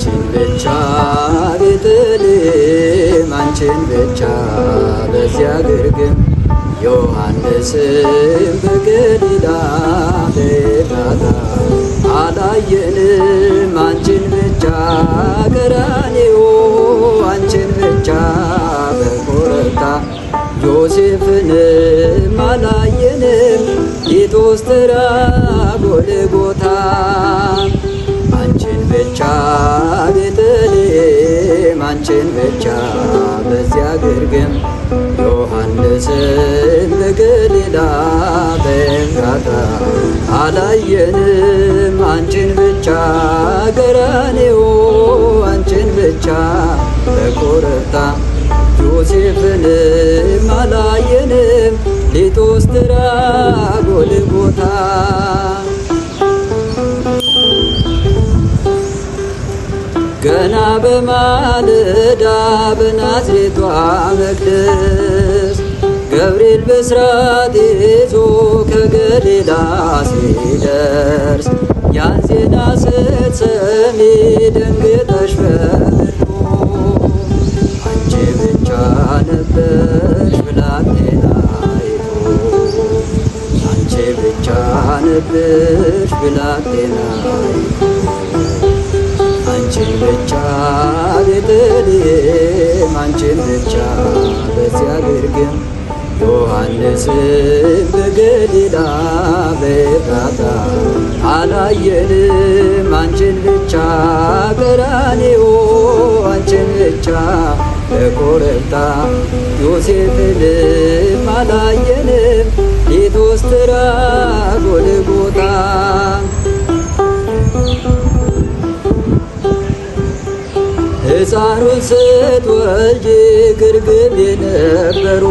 አንቺን ብቻ ቤተልሔም አንቺን ብቻ በዚያ ግርግም ዮሐንስም በገሊላ በዳታ አላየንም አንቺን ብቻ ቀራንዮ አንቺን ብቻ በኮረብታ ዮሴፍንም አላየንም ጌቶስትራ ጎልጎታ ብቻ ቤተልሔም አንቺን ብቻ በዚያ ግርግም ዮሐንስን በገሊላ በእንጋታ አላየንም አንቺን ብቻ ገራኔው አንቺን ብቻ በኮረብታ ዮሴፍንም አላየንም ሊቶስትራ ጎልጎታ በማልዳ በናዝሬቷ መቅደስ ገብርኤል ብስራት ይዞ ከገሊላ ሲደርስ ያን ዜና ስትሰሚ ደንግጠሽ በመኖ አንቺ ብቻ ነበርሽ ብላቴናይቱ አንቺ ብቻ ነበርሽ ብላቴናይቱ ብቻ ቤተልሔም አንቺን ብቻ በዚያ ግርግም በገሊላ በኤፍራታ አላየንም አንቺን ብቻ ቀራንዮ አንቺን ብቻ በኮረብታ ዮሴፍንም አላየንም ሊቶስትራ ጎልጎታ ሕፃኑን ስትወልጅ ግርግም የነበሩ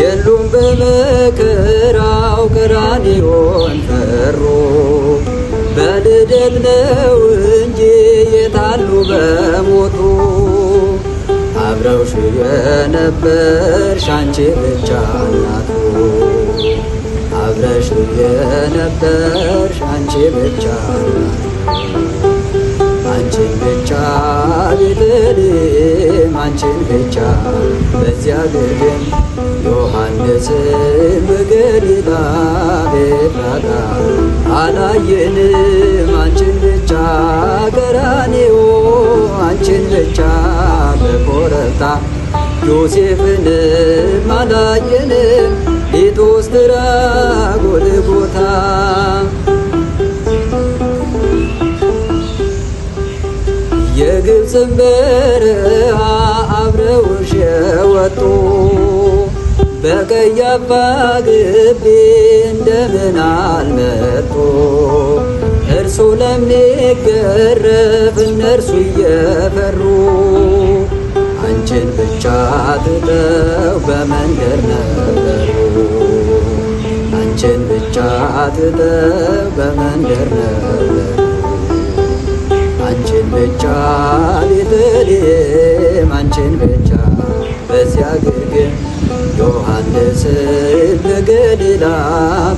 የሉም በመከራው ቀራንዮን ፈሩ። በልደት ነው እንጂ የታሉ በሞቱ አብረውሽ ብቻ አብረሽ ብቻ አንቺን ብቻ በዚያ ግርግም ዮሐንስ በገሊላ ኤፍራታ አላየንም አንቺን ብቻ ገራኔዎ አንቺን ብቻ በኮረብታ ዮሴፍንም አላየንም ሊጦስትራ ጎልጎታ የግብፅን በረሃ አብረውሽ የወጡ በቀይ ግቢ እንደምን አልመጡ እርሱ ለሚገረፍ እነርሱ እየፈሩ አንቺን ብቻ ትተው በመንገድ ነበሩ አንቺን ብቻ ትተው በመንገድ ነበሩ አንቺን ብቻ ሊትል አልፈልግም አንቺን ብቻ በዚያ ግርግም ዮሐንስ በገሊላ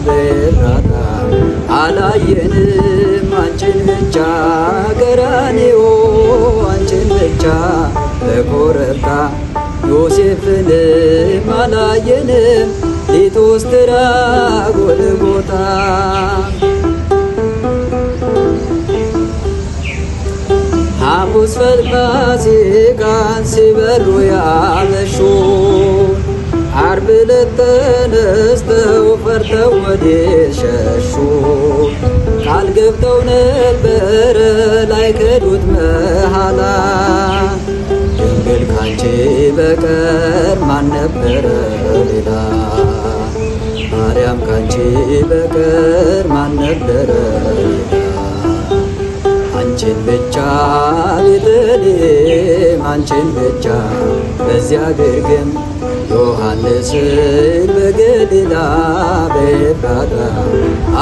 በራታ አላየንም አንቺን ብቻ ገራኔዎ አንቺን ብቻ በኮረብታ ዮሴፍንም አላየንም ሊቶስትራ ጎልጎታ በቅጽበት ፋሲካን ሲበሩ ያመሹ ዓርብ ዕለት ፈርተው ሸሹ? ቃል ገብተው ነበረ መሃላ ድንግል ካንቺ በቀር ማን ነበረ ሌላ? ማርያም ካንቺ በቀር ማን ነበረ አንቺን ብቻ በዚያ ግርግም ዮሐንስን በገሊላ በኤፍራታ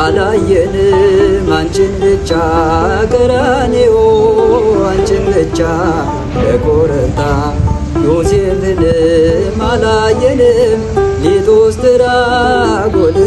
አላየንም አንቺን ብቻ ቀራንዮ አንቺን ብቻ በኮረብታ ዮሴፍንም አላየንም ሊቶስጥራ ጎል